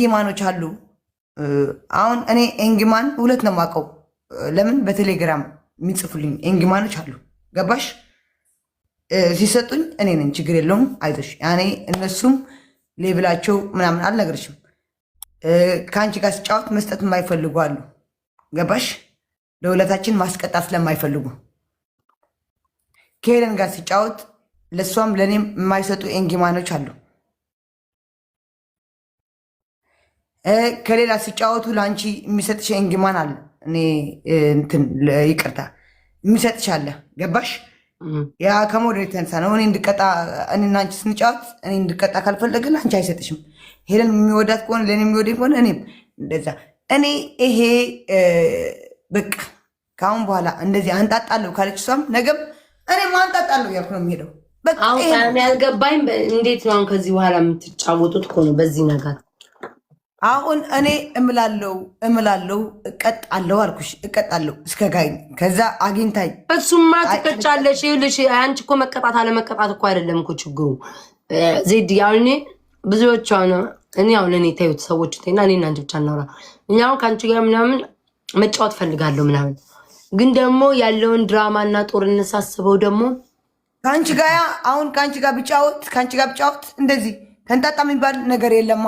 ኤንግማኖች አሉ። አሁን እኔ ኤንግማን ሁለት ነው የማውቀው። ለምን በቴሌግራም የሚጽፉልኝ ኤንግማኖች አሉ። ገባሽ? ሲሰጡኝ እኔ ነኝ። ችግር የለውም አይዞሽ። ያኔ እነሱም ሌብላቸው ምናምን አልነገርሽም። ከአንቺ ጋር ሲጫወት መስጠት የማይፈልጉ አሉ። ገባሽ? ለሁለታችን ማስቀጣት ስለማይፈልጉ ከሄደን ጋር ሲጫወት ለእሷም ለእኔም የማይሰጡ ኤንግማኖች አሉ። ከሌላ ሲጫወቱ ለአንቺ የሚሰጥሽ እንግማን አለ። እኔ እንትን ይቅርታ የሚሰጥሽ አለ። ገባሽ? ያ ከመውደድ የተነሳ ነው። እኔ እንድቀጣ እኔና አንቺ ስንጫወት እኔ እንድቀጣ ካልፈለገ ለአንቺ አይሰጥሽም። ሄለን የሚወዳት ከሆነ ለእኔ የሚወደኝ ከሆነ እኔም እንደዛ። እኔ ይሄ በቃ ከአሁን በኋላ እንደዚህ አንጣጣለሁ ካለች እሷም ነገም እኔም አንጣጣለሁ ያልኩ ነው የሚሄደው። በቃ ያልገባኝ እንዴት ነው አሁን ከዚህ በኋላ የምትጫወቱት ከሆነ በዚህ ነገር አሁን እኔ እምላለው እምላለው እቀጣለው አልኩሽ፣ እቀጣለው እስከ ጋይ ከዛ አግኝታኝ። እሱማ ትቀጫለሽ። ይኸውልሽ አንቺ እኮ መቀጣት አለመቀጣት እኮ አይደለም እኮ ችግሩ ዜድ። አሁን እኔ ብዙዎች ሆነ እኔ አሁን እኔ ተዩት ሰዎች ና እኔ እናንተ ብቻ እናውራ። እኛ አሁን ከአንቺ ጋር ምናምን መጫወት ፈልጋለሁ ምናምን፣ ግን ደግሞ ያለውን ድራማ እና ጦርነት ሳስበው ደግሞ ከአንቺ ጋር አሁን ከአንቺ ጋር ብጫወት ከአንቺ ጋር ብጫወት እንደዚህ ተንጣጣ የሚባል ነገር የለማ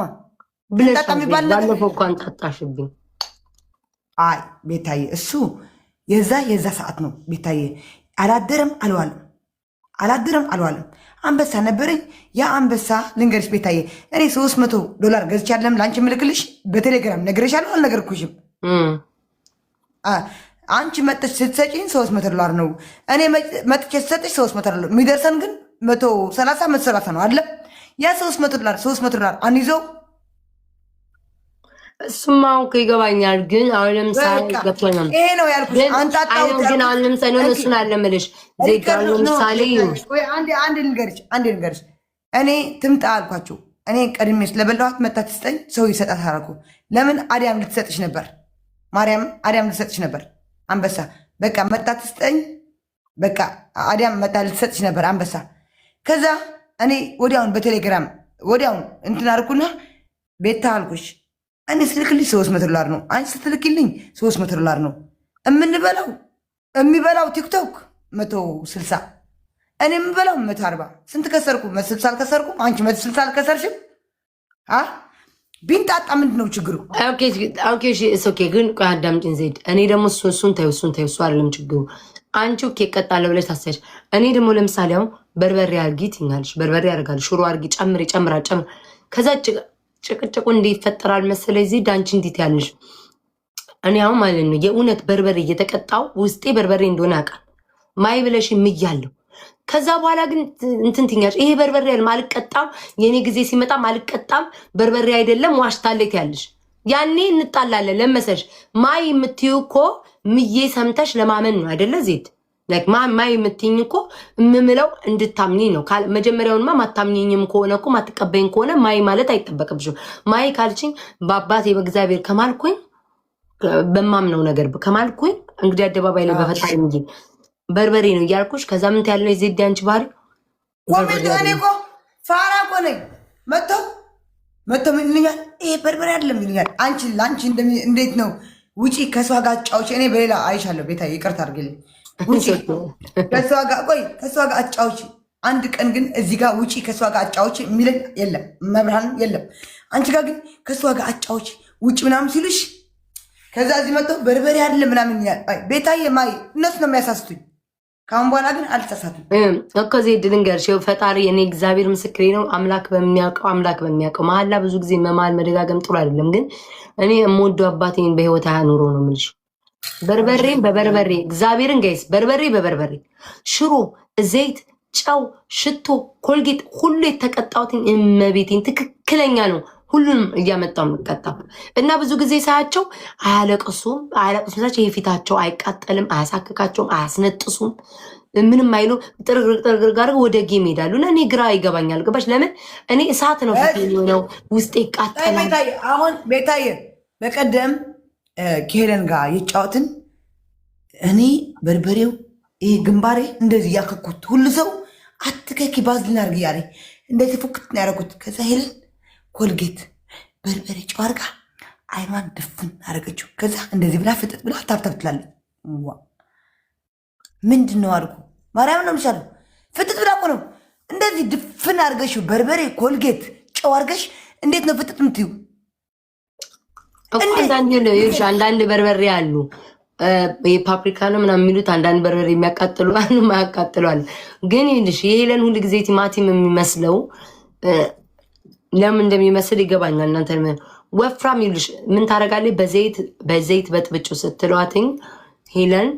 ብለሽ ባለፈው እንኳን ጠጣሽብኝ። አይ ቤታዬ፣ እሱ የዛ የዛ ሰዓት ነው ቤታዬ። አላደረም አልዋለም፣ አላደረም አልዋለም። አንበሳ ነበረኝ። ያ አንበሳ ልንገርሽ ቤታዬ፣ እኔ ሶስት መቶ ዶላር ገዝቻለም ለአንቺ ምልክልሽ በቴሌግራም ነግሬሻለሁ። አልነገርኩሽም? አንቺ መጥተሽ ስትሰጪኝ ሶስት መቶ ዶላር ነው። እኔ መጥቼ ሶስት መቶ ዶላር የሚደርሰን ግን መቶ ሰላሳ መቶ ሰላሳ ነው አለ ያ ሶስት መቶ ዶላር ሶስት መቶ ዶላር አንይዘው እሱማ እኮ ይገባኛል፣ ግን አሁንም ሳይገባኝ ገብቶኛል። ይሄ ነው ያልኩሽ። ግን አሁን ለምሳሌ ሆነ እሱን አለምልሽ ዜጋ ለምሳሌ አንድ ንገርች አንድ ንገርች እኔ ትምጣ አልኳቸው። እኔ ቀድሜ ስለበላኋት መታ ትስጠኝ ሰው ይሰጣት አደረኩ። ለምን አዲያም ልትሰጥሽ ነበር፣ ማርያም አዲያም ልትሰጥሽ ነበር። አንበሳ በቃ መታ ትስጠኝ፣ በቃ አዲያም መታ ልትሰጥሽ ነበር አንበሳ። ከዛ እኔ ወዲያውን በቴሌግራም ወዲያውን እንትን አልኩና ቤታ አልኩሽ እኔ ስልክልኝ ሶስት መቶ ዶላር ነው። አንቺ ስትልክልኝ ሶስት መቶ ዶላር ነው የምንበላው። የሚበላው ቲክቶክ መቶ ስልሳ እኔ የምበላው መቶ አርባ ስንት ከሰርኩ? መቶ ስልሳ አልከሰርኩም። አንቺ መቶ ስልሳ አልከሰርሽም። ቢንጣጣ ምንድን ነው ችግሩ? ግን ቆይ አዳምጪኝ ዜድ። እኔ ደግሞ እሱን ተይው፣ እሱን ተይው፣ እሱ አይደለም ችግሩ። አንቺ ኦኬ ቀጣለሁ ብለሽ ታሳያለሽ። እኔ ደግሞ ለምሳሌ አሁን በርበሬ አርጊ ትኛለሽ፣ በርበሬ ያደርጋል፣ ሽሮ አርጊ ጨምሪ፣ ጨምራ ጨምር ከዛ ጭቅጭቁ እንዲህ ይፈጠራል መሰለኝ። እዚህ ዳንቺ እንዴት ያለሽ እኔ አሁን ማለት ነው የእውነት በርበሬ እየተቀጣው ውስጤ በርበሬ እንደሆነ ያውቃል። ማይ ብለሽ ምያለሁ። ከዛ በኋላ ግን እንትን ትኛች ይሄ በርበሬ አይደለም አልቀጣም፣ የእኔ ጊዜ ሲመጣም አልቀጣም፣ በርበሬ አይደለም ዋሽታለት ያለሽ። ያኔ እንጣላለን ለመሰሽ ማይ የምትይው እኮ ምዬ ሰምተሽ ለማመን ነው አይደለ ዜድ ላይክ ማማ የምትኝ እኮ የምምለው እንድታምኒኝ ነው። መጀመሪያውንማ ማታምኒኝም ከሆነ እኮ ማትቀበኝ ከሆነ ማይ ማለት አይጠበቅብሽም። ማይ ካልችኝ በአባቴ በእግዚአብሔር ከማልኩኝ በማምነው ነገር ከማልኩኝ እንግዲህ አደባባይ ላይ በፈጣሪ እንጂ በርበሬ ነው እያልኩሽ ከዛ ምንት ያለው የዜድ አንቺ ባህሪ ኮሜንት እኮ ፋራ እኮ ነኝ። መጥተው መጥተው ምን ይሉኛል? ይሄ በርበሬ አይደለም ይሉኛል። አንቺ ለአንቺ እንዴት ነው ውጪ ከሷ ጋር ጫዎች። እኔ በሌላ አይሻለሁ። ቤታ ይቅርታ አድርግልኝ ውጪ ከእሷ ጋር ቆይ፣ ከእሷ ጋር አንድ ቀን ግን እዚህ ጋር ውጪ፣ ከእሷ ጋር የለም፣ መብርሃን የለም። አንቺ ጋር ግን ከእሷ ጋር አጫዎች ውጭ ምናምን ሲሉሽ፣ ከዛ እዚህ መጥተው በርበሬ አይደለም ምናምን ቤታዬ ማይ፣ እነሱ ነው የሚያሳስቱኝ። ከአሁን በኋላ ግን አልተሳሳትም እኮ ፈጣሪ እኔ እግዚአብሔር ምስክሬ ነው። አምላክ በሚያውቀው አምላክ በሚያውቀው መሀላ ብዙ ጊዜ መማል መደጋገም ጥሩ አይደለም። ግን እኔ የምወደው አባቴን በህይወት አያኑሮ ነው በርበሬም በበርበሬ እግዚአብሔርን ጋይስ በርበሬ በበርበሬ ሽሮ፣ ዘይት፣ ጨው፣ ሽቶ፣ ኮልጌት ሁሉ የተቀጣሁትን እመቤቴን ትክክለኛ ነው። ሁሉንም እያመጣው የምቀጣው እና ብዙ ጊዜ ሳያቸው አያለቅሱም፣ አያለቅሱም ሳቸው የፊታቸው አይቃጠልም፣ አያሳክካቸውም፣ አያስነጥሱም፣ ምንም አይሉ ጥርግርግ ጥርግርግ አድርገው ወደ ጌም ይሄዳሉ። እና እኔ ግራ ይገባኛል። ገባች? ለምን እኔ እሳት ነው ፊት የሚሆነው ውስጤ ይቃጠላል። አሁን ቤታዬ በቀደም ከሄለን ጋር የጫወትን እኔ በርበሬው ይህ ግንባሬ እንደዚህ እያከኩት ሁሉ ሰው አትከኪ ባዝሊን አድርጊ እያለ እንደዚህ ፉክት ያደረጉት። ከዛ ሄለን ኮልጌት በርበሬ ጨው አርጋ አይኗን ድፍን አደረገችው። ከዛ እንደዚህ ብላ ፍጥጥ ብላ ታብታብ ትላለች። ምንድን ነው አድርጉ ማርያም ነው ምሻለ ፍጥጥ ብላ እኮ ነው እንደዚህ ድፍን አድርገሽ በርበሬ ኮልጌት ጨው አድርገሽ እንዴት ነው ፍጥጥ ምትዩ? አንዳንድ አንዳንድ በርበሬ አሉ የፓፕሪካ ነው ምናምን የሚሉት አንዳንድ በርበሬ የሚያቃጥሉ ማያቃጥሉ አሉ። ግን ይልሽ የሄለን ሁሉ ጊዜ ቲማቲም የሚመስለው ለምን እንደሚመስል ይገባኛል። እናንተ ወፍራም ይልሽ ምን ታደርጋለች? በዘይት በዘይት በጥብጩ ስትለዋትኝ ሄለን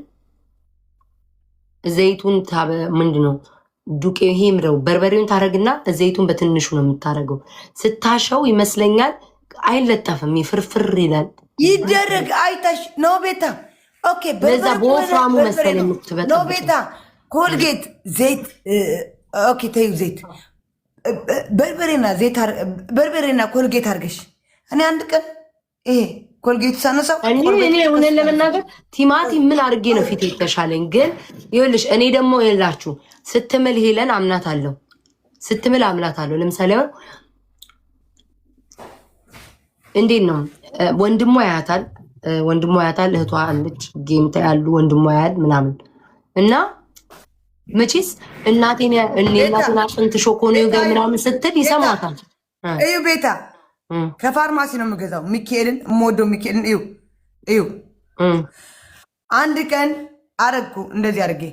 ዘይቱን ታበ ምንድ ነው ዱቄ ይሄ ምረው በርበሬውን ታደርግና ዘይቱን በትንሹ ነው የምታደርገው። ስታሸው ይመስለኛል አይለጠፍም፣ ፍርፍር ይላል። ይደረግ አይታሽ ነው ቤታ። ኦኬ በዛ በወፍራሙ መሰል የምትበጣ ነው ቤታ። ኮልጌት ዘይት ኦኬ፣ ተዩ ዘይት በርበሬና ዘይት በርበሬና ኮልጌት አርገሽ እኔ አንድ ቀን ይሄ ኮልጌቱ ሳነሳው እኔ እውነት ለመናገር ቲማቲም ምን አድርጌ ነው ፊት የተሻለኝ። ግን ይኸውልሽ እኔ ደግሞ የላችሁ ስትምል ሄለን አምናት አለው ስትምል አምናት አለው። ለምሳሌ እንዴት ነው ወንድሟ ያያታል፣ ወንድሞ ያያታል፣ እህቷ አለች፣ ጌምታ ያሉ ወንድሟ ያያል ምናምን እና መቼስ እናቴን እናቴን አጥንት ሾኮኖ ጋር ምናምን ስትል ይሰማታል። እዩ ቤታ ከፋርማሲ ነው የምገዛው ሚካኤልን የምወደው ሚካኤልን እዩ እዩ። አንድ ቀን አረግኩ እንደዚህ አድርጌ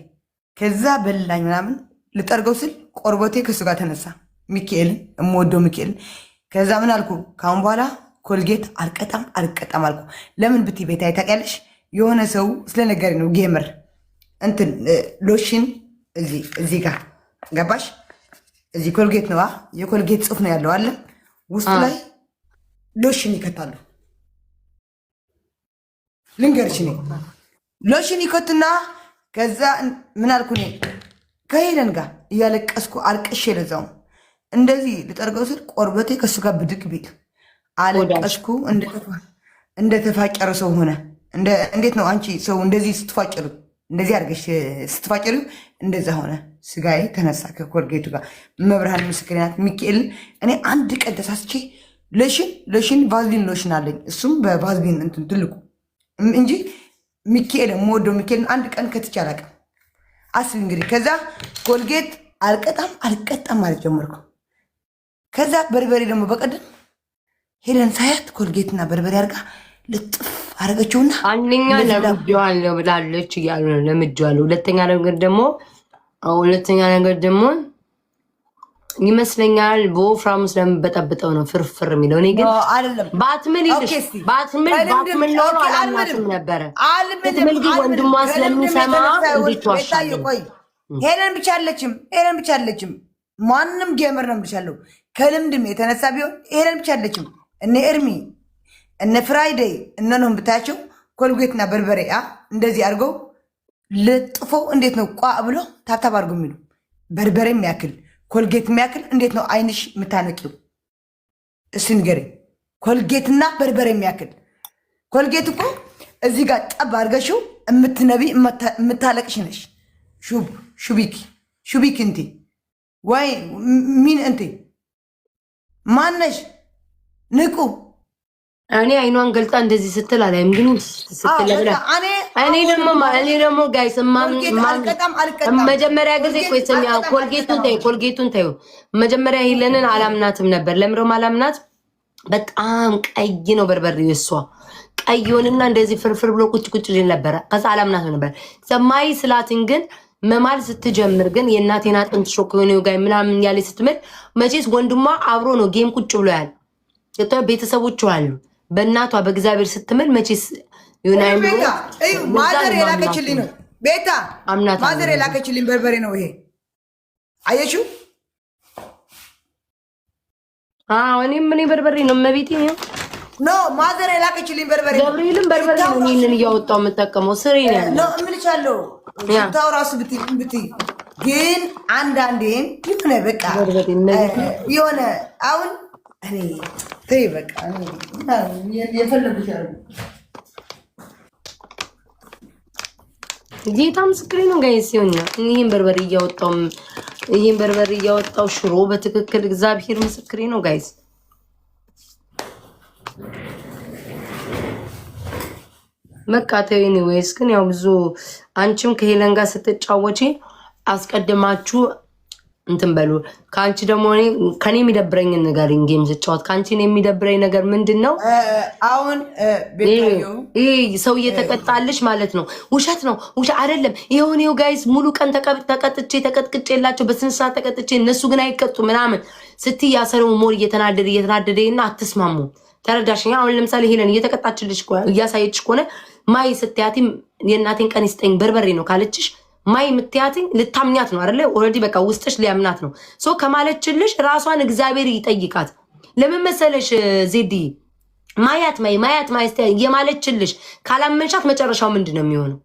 ከዛ በላኝ ምናምን ልጠርገው ስል ቆርቦቴ ከሱ ጋር ተነሳ። ሚካኤልን የምወደው ሚካኤልን ከዛ ምን አልኩ ካሁን በኋላ ኮልጌት አልቀጣም አልቀጣም አልኩ። ለምን ብት ቤት ታውቂያለሽ፣ የሆነ ሰው ስለነገር ነው። ጌምር እንትን ሎሽን እዚ ጋ ገባሽ? እዚ ኮልጌት ነዋ፣ የኮልጌት ጽሑፍ ነው ያለው አለ ውስጡ ላይ ሎሽን ይከታሉ። ልንገርሽ ነው ሎሽን ይከቱና ከዛ ምን አልኩ ከሄለን ጋር እያለቀስኩ አልቀሽ ለዛው እንደዚህ ልጠርገው ስል ቆርበቴ ከሱ ጋር ብድቅ ቢል አለቀስኩ። እንደ ተፋጨረ ሰው ሆነ። እንዴት ነው አንቺ ሰው እንደዚህ ስትፋጭሩ እንደዚህ አድርገሽ ስትፋጭሩ እንደዛ ሆነ። ስጋዬ ተነሳ ከኮልጌቱ ጋር። መብርሃን ምስክርናት ናት። እኔ አንድ ቀን ተሳስቼ ሎሽን ሎሽን ቫዝሊን ሎሽን አለኝ እሱም በቫዝሊን እንትን ትልቁ እንጂ ሚካኤል የምወደው ሚካኤልን አንድ ቀን ከትቼ አላውቅም። አስብ እንግዲህ። ከዛ ኮልጌት አልቀጣም አልቀጣም ማለት ጀመርኩ። ከዛ በርበሬ ደግሞ በቀደም ሄለን ሳያት ኮልጌትና በርበሬ አርጋ ልጥፍ አረገችውና አንደኛ ለምጄዋለሁ ብላለች እያሉ ነው። ለምጄዋለሁ። ሁለተኛ ነገር ደግሞ ሁለተኛ ነገር ደግሞ ይመስለኛል በወፍራሙ ስለምበጠብጠው ነው ፍርፍር የሚለው። እኔ ግን በአትምል ነበረ። አትምል ግን ወንድሟ ስለሚሰማ እንዲቸዋሻለ ሄለን ብቻ አለችም፣ ሄለን ብቻ አለችም። ማንም ጌምር ነው ብቻለሁ። ከልምድም የተነሳ ቢሆን ሄለን ብቻ አለችም። እነ ኤርሚ እነ ፍራይዴይ እነነሆን ብታያቸው ኮልጌትና በርበሬ እንደዚህ አድርገው ልጥፎ እንዴት ነው ቋ ብሎ ታብታብ አድርጎ የሚሉ በርበሬ የሚያክል ኮልጌት የሚያክል እንዴት ነው አይንሽ የምታነቂው? እሱ ንገረኝ። ኮልጌትና በርበሬ የሚያክል ኮልጌት እኮ እዚህ ጋር ጠብ አድርገሽው የምትነቢ የምታለቅሽ ነሽ። ሹብ ሹቢክ ሹቢክ እንቴ ወይ ሚን እንቴ ማነሽ? ንቁ። እኔ አይኗን ገልጣ እንደዚህ ስትል አላይም፣ ግን እኔ ደግሞ እኔ ደግሞ ጋይስ መጀመሪያ ጊዜ ቆይ ስሚ፣ ኮልጌቱን ተይው፣ ኮልጌቱን ተይው። መጀመሪያ ሄለንን አላምናትም ነበር። ለምሮም አላምናት በጣም ቀይ ነው በርበሬ እሷ ቀይ እንደዚህ ፍርፍር ብሎ ቁጭ ቁጭ ሊል ነበረ። ከዛ አላምናትም ነበር ሰማይ ስላትን ግን መማል ስትጀምር ግን የእናቴን አጥንት ሾክ የሆነ ጋይ ምናምን ያለ ስትምል መቼስ ወንድሟ አብሮ ነው ጌም ቁጭ ብሎ ያለ ቤተሰቦቹ አሉ። በእናቷ በእግዚአብሔር ስትምል መቼ ማዘር የላከችልኝ ነው። ቤታ ማዘር የላከችልኝ በርበሬ ነው ይሄ። አየሽው? እኔም እኔ በርበሬ ነው መቤቴ ኖ ማዘር የላከችልኝ በርበሬ ገብርኤልም በርበሬ ነው። ይህንን እያወጣው የምጠቀመው ስሬ ነው የምልሻለው። ሽታው ራሱ ብትይ ግን አንዳንዴን የሆነ በቃ የሆነ አሁን ተይ በቃ የፈለጉት ጌታ ምስክሬ ነው። ጋይ ሲሆኛ ይህን በርበሬ እያወጣው ይህን በርበሬ እያወጣው ሽሮ በትክክል እግዚአብሔር ምስክሬ ነው ጋይስ መቃተው ኒዌይስ ግን ያው ብዙ አንቺም ከሄለን ጋር ስትጫወቼ አስቀድማችሁ እንትን በሉ። ከአንቺ ደግሞ ከኔ የሚደብረኝ ነገር ጌም ስጫወት ከአንቺ የሚደብረኝ ነገር ምንድን ነው? አሁን ሰው እየተቀጣልሽ ማለት ነው። ውሸት ነው ውሸት አይደለም። ይሁን ው ጋይስ ሙሉ ቀን ተቀጥቼ ተቀጥቅጭ የላቸው በስንት ሰዓት ተቀጥቼ እነሱ ግን አይቀጡ ምናምን ስቲ ያሰረው ሞር እየተናደደ እየተናደደ እና አትስማሙ። ተረዳሽኛ? አሁን ለምሳሌ ሄለን እየተቀጣችልሽ እያሳየችሽ ከሆነ ማይ ስትያቲም የእናቴን ቀን ይስጠኝ በርበሬ ነው ካለችሽ ማይ የምትያትኝ ልታምኛት ነው አደለ? ኦልሬዲ በቃ ውስጥሽ ሊያምናት ነው። ሶ ከማለችልሽ ራሷን እግዚአብሔር ይጠይቃት። ለምን መሰለሽ ዜዲ ማያት ማይ ማያት ማይ የማለችልሽ ካላመንሻት መጨረሻው ምንድን ነው የሚሆነው?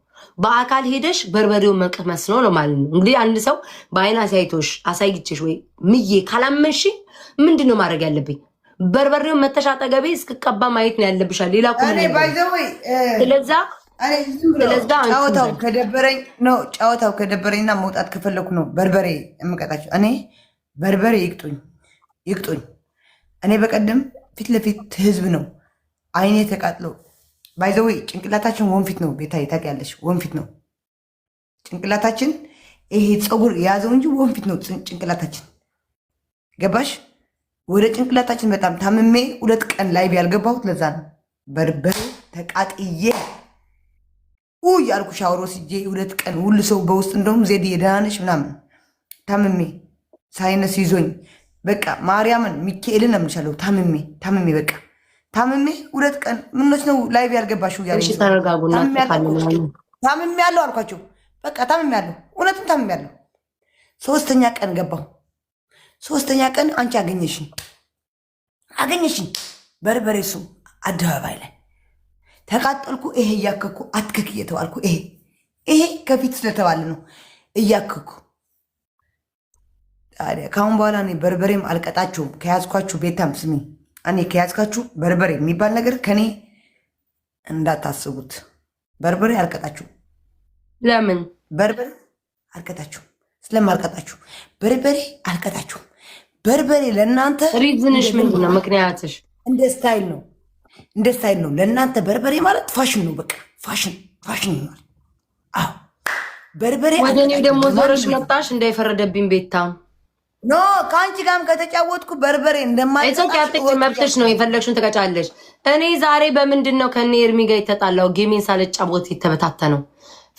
በአካል ሄደሽ በርበሬውን መቅመስ ነው ነው ማለት ነው። እንግዲህ አንድ ሰው በአይን አሳይቶሽ አሳይችሽ ወይ ምዬ ካላመንሽ ምንድን ነው ማድረግ ያለብኝ? በርበሬውን መተሽ አጠገቤ እስክቀባ ማየት ነው ያለብሻል። ሌላ ስለዛ ጨዋታው ከደበረኝ ነው። ጨዋታው ከደበረኝና መውጣት ከፈለኩ ነው በርበሬ የምቀጣቸው። እኔ በርበሬ ይቅጡኝ ይቅጡኝ። እኔ በቀደም ፊት ለፊት ህዝብ ነው አይኔ ተቃጥሎ ባይዘዌ ጭንቅላታችን ወንፊት ነው። ቤታ ታውቂያለሽ፣ ወንፊት ነው ጭንቅላታችን። ይሄ ፀጉር የያዘው እንጂ ወንፊት ነው ጭንቅላታችን። ገባሽ? ወደ ጭንቅላታችን በጣም ታምሜ ሁለት ቀን ላይ ቢያልገባሁት ለዛ ነው በርበሬ ተቃጥዬ እያልኩ ሻወር ወስጄ ሁለት ቀን ሁሉ ሰው በውስጥ እንደውም ዜድዬ ደህና ነሽ ምናምን ታምሜ ሳይነስ ይዞኝ በቃ ማርያምን ሚካኤልን አምልሻለሁ። ታምሜ ታምሜ በቃ ታምሜ ሁለት ቀን ምኖች ነው ላይቭ ያልገባሽው ታምሜ ያለው አልኳቸው። በቃ ታምሜ ያለው እውነትም ታምሜ ያለው። ሶስተኛ ቀን ገባሁ። ሶስተኛ ቀን አንቺ አገኘሽኝ አገኘሽኝ በርበሬ እሱ አደባባይ ላይ ተቃጠልኩ፣ ይሄ እያከኩ አትክክ እየተባልኩ ይሄ ይሄ ከፊት ስለተባለ ነው እያከኩ። ታዲያ ከአሁን በኋላ እኔ በርበሬም አልቀጣችሁም። ከያዝኳችሁ ቤታም ስሚ፣ እኔ ከያዝካችሁ በርበሬ የሚባል ነገር ከኔ እንዳታስቡት። በርበሬ አልቀጣችሁም። ለምን በርበሬ አልቀጣችሁም? ስለማልቀጣችሁ በርበሬ አልቀጣችሁም። በርበሬ ለእናንተ ሪዝንሽ ምንድን ነው? ምክንያትሽ እንደ ስታይል ነው። እንደዛ አይል ነው። ለእናንተ በርበሬ ማለት ፋሽን ነው። በቃ ፋሽን ፋሽን ነው። አዎ በርበሬ። ወደ እኔ ደግሞ ዞረሽ መጣሽ እንዳይፈረደብኝ ቤታ ኖ ከአንቺ ጋርም ከተጫወትኩ በርበሬ እንደማይጠቅም መብትሽ ነው። የፈለግሽን ትቀጫለሽ። እኔ ዛሬ በምንድን ነው ከእኔ እርሚ ጋር የተጣላው? ጌሜን ሳልጫወት የተበታተነው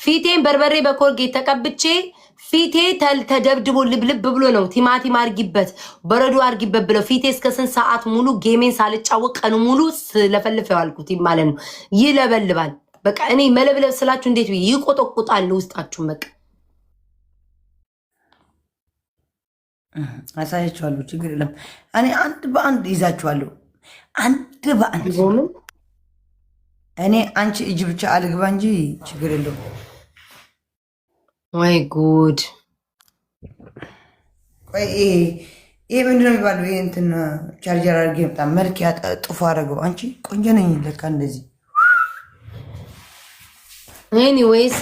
ፊቴን በርበሬ በኮልጌት ተቀብቼ ፊቴ ተደብድቦ ልብልብ ብሎ ነው ቲማቲም አርጊበት በረዶ አርጊበት ብለው ፊቴ እስከ ስንት ሰዓት ሙሉ ጌሜን ሳልጫወቅ ቀኑ ሙሉ ስለፈልፈው አልኩት ማለት ነው። ይለበልባል። በቃ እኔ መለብለብ ስላችሁ እንዴት ብዬ ይቆጠቁጣል ውስጣችሁን። በቃ አሳያችኋለሁ። ችግር የለም። እኔ አንድ በአንድ ይዛችኋለሁ። አንድ በአንድ እኔ አንቺ እጅ ብቻ አልግባ እንጂ ችግር የለውም። ወይ ጉድ! ቆይ ይሄ ምንድን የሚባለው? ይሄ እንትን ቻርጀር አድርጌ በጣም መልክ ያጠፉ አደረገው። አንቺ ቆንጆ ነኝ ለካ እንደዚህ። ኤኒዌይስ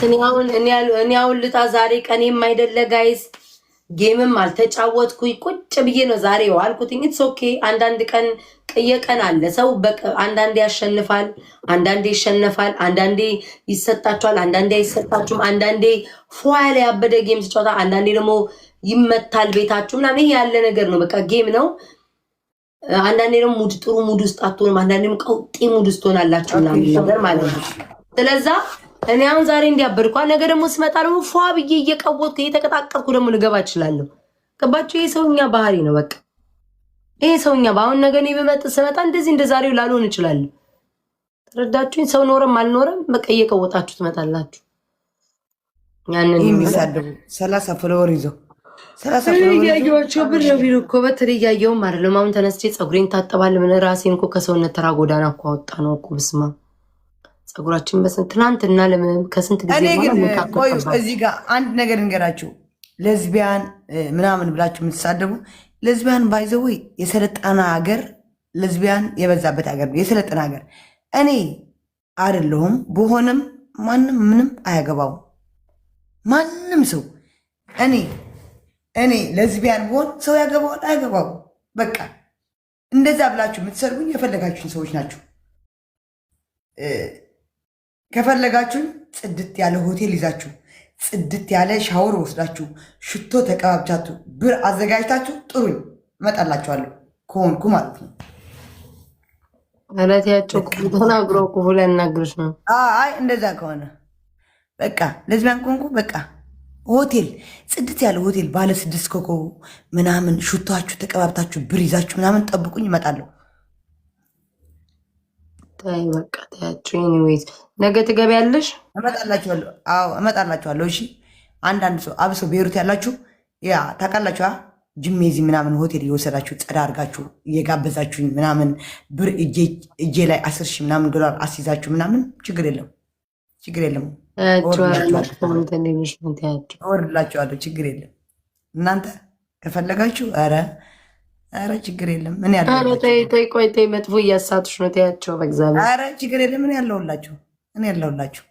እኔ አሁን ልጣ ዛሬ ቀኔም አይደለ ጋይስ ጌምም አልተጫወትኩኝ ቁጭ ብዬ ነው ዛሬ ዋልኩትኝ። ኢትስ ኦኬ። አንዳንድ ቀን ቅየቀን አለ ሰው አንዳንዴ ያሸንፋል፣ አንዳንዴ ይሸነፋል፣ አንዳንዴ ይሰጣቸዋል አንዳንዴ አይሰጣችሁም፣ አንዳንዴ ፏ ያለ ያበደ ጌም ስጫወታ፣ አንዳንዴ ደግሞ ይመታል ቤታችሁ ምናምን። ይሄ ያለ ነገር ነው፣ በቃ ጌም ነው። አንዳንዴ ደግሞ ሙድ ጥሩ ሙድ ውስጥ አትሆንም፣ አንዳንዴ ቀውጤ ሙድ ውስጥ ሆናላችሁ ምናምን ነገር ማለት ነው። ስለዛ እኔ አሁን ዛሬ እንዲያበድኳ ነገ ደግሞ ስመጣ ደግሞ ፏ ብዬ እየቀወጥኩ እየተቀጣቀጥኩ ደግሞ ልገባ እችላለሁ። ገባችሁ? ይሄ ሰውኛ ባህሪ ነው። በቃ ይሄ ሰውኛ በአሁን ነገ እኔ ብመጥ ስመጣ እንደዚህ እንደ ዛሬው ላልሆን እችላለሁ። ተረዳችሁኝ? ሰው ኖረም አልኖረም በቃ እየቀወጣችሁ ትመጣላችሁ። ያንን የሚሳደቡ ሰላሳ ፎሎወር ይዘው ያየኋቸው ብር ነው ቢሉ እኮ በተለይ ያየውም አይደለም። አሁን ተነስቼ ፀጉሬን ታጠባለሁ። ምን ራሴን እኮ ከሰውነት ተራ ጎዳና እኮ አወጣ ነው እኮ ብስማ ጸጉራችን በስንት ትናንትና ከስንት ጊዜ እዚህ ጋር አንድ ነገር እንገራችሁ። ለዝቢያን ምናምን ብላችሁ የምትሳደቡ ለዝቢያን ባይዘው የሰለጠነ ሀገር ለዝቢያን የበዛበት ሀገር ነው። የሰለጠነ ሀገር እኔ አይደለሁም በሆነም ማንም ምንም አያገባውም። ማንም ሰው እኔ እኔ ለዝቢያን ብሆን ሰው ያገባዋል አያገባው። በቃ እንደዛ ብላችሁ የምትሰርጉኝ የፈለጋችሁን ሰዎች ናችሁ። ከፈለጋችሁ ጽድት ያለ ሆቴል ይዛችሁ ጽድት ያለ ሻወር ወስዳችሁ ሽቶ ተቀባብቻችሁ ብር አዘጋጅታችሁ ጥሩኝ፣ እመጣላችኋለሁ ከሆንኩ ማለት ነው። አላት ያቸው ተናግሮ ቁቡ ላይ ነው። አይ እንደዛ ከሆነ በቃ ለዚያን ከሆንኩ በቃ ሆቴል ጽድት ያለ ሆቴል ባለ ስድስት ኮከቡ ምናምን ሽቶችሁ ተቀባብታችሁ ብር ይዛችሁ ምናምን ጠብቁኝ፣ እመጣለሁ። ተይ በቃ ተያቸው። ኤኒዌይዝ ነገ ትገቢያለሽ? እመጣላችኋለሁ። አዎ እመጣላችኋለሁ። እሺ አንዳንድ ሰው አብሶ ቤሩት ያላችሁ ያ ታውቃላችሁ፣ ጅሜዚ ምናምን ሆቴል እየወሰዳችሁ ጸዳ አድርጋችሁ እየጋበዛችሁኝ ምናምን ብር እጄ ላይ አስር ሺህ ምናምን ዶላር አስይዛችሁ ምናምን ችግር የለም ችግር የለም። እወርድላችኋለሁ። ችግር የለም። እናንተ ከፈለጋችሁ ኧረ አረ ችግር የለም። ምን ያለው ተይ ቆይ ተይ፣ መጥፎ እያሳቱሽ ነው። ተያቸው በእግዚአብሔር። አረ ችግር የለም። ምን ያለውላችሁ ምን ያለውላችሁ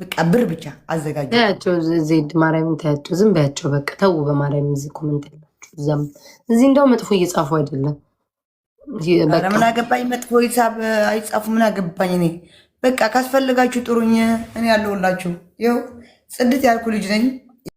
በቃ ብር ብቻ አዘጋጅ። ተያቸው ዜድ ማርያምን ታያቸው ዝም በያቸው በቃ ተው። በማርያም እዚህ ኮመንት ያላችሁ እዛም እዚህ እንደው መጥፎ እየጻፉ አይደለም። ምን አገባኝ መጥፎ ሂሳብ አይጻፉ ምን አገባኝ እኔ። በቃ ካስፈልጋችሁ ጥሩኝ፣ እኔ ያለውላችሁ። ይኸው ጽድት ያልኩ ልጅ ነኝ።